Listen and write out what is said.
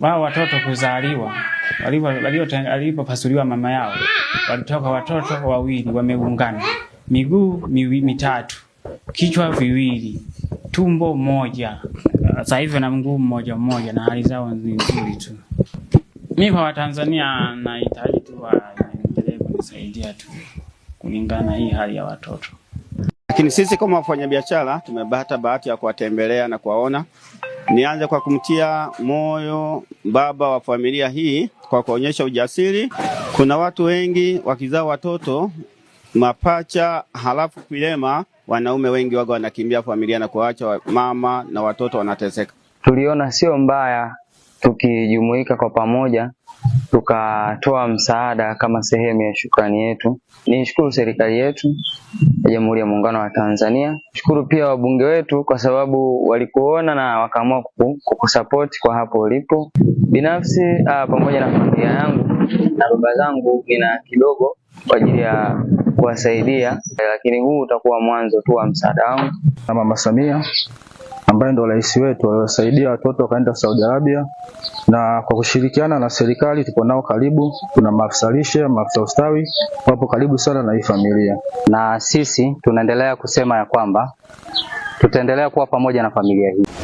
wao watoto kuzaliwa walipopasuliwa mama yao walitoka watoto wawili wameungana, miguu miwi, mitatu, kichwa viwili, tumbo moja, sasa hivi na mguu mmoja mmoja, na hali zao ni nzuri tu. Mimi kwa Watanzania nahitaji tu waendelee kunisaidia tu kulingana na hii hali ya watoto, lakini sisi kama wafanyabiashara tumepata bahati ya kuwatembelea na kuwaona Nianze kwa kumtia moyo baba wa familia hii kwa kuonyesha ujasiri. Kuna watu wengi wakizaa watoto mapacha halafu kilema wanaume wengi wago wanakimbia familia na kuacha mama na watoto wanateseka. Tuliona sio mbaya tukijumuika kwa pamoja tukatoa msaada kama sehemu ya shukrani yetu. Nishukuru serikali yetu ya Jamhuri ya Muungano wa Tanzania, shukuru pia wabunge wetu kwa sababu walikuona na wakaamua kukusapoti kwa hapo ulipo. Binafsi uh, pamoja na familia yangu na baba zangu nina kidogo kwa ajili ya kuwasaidia, lakini huu utakuwa mwanzo tu wa msaada wangu na Mama Samia ambaye ndo rais wetu aliwasaidia watoto wakaenda Saudi Arabia, na kwa kushirikiana na serikali tuko nao karibu. Kuna maafisa lishe, maafisa ustawi wapo karibu sana na hii familia, na sisi tunaendelea kusema ya kwamba tutaendelea kuwa pamoja na familia hii.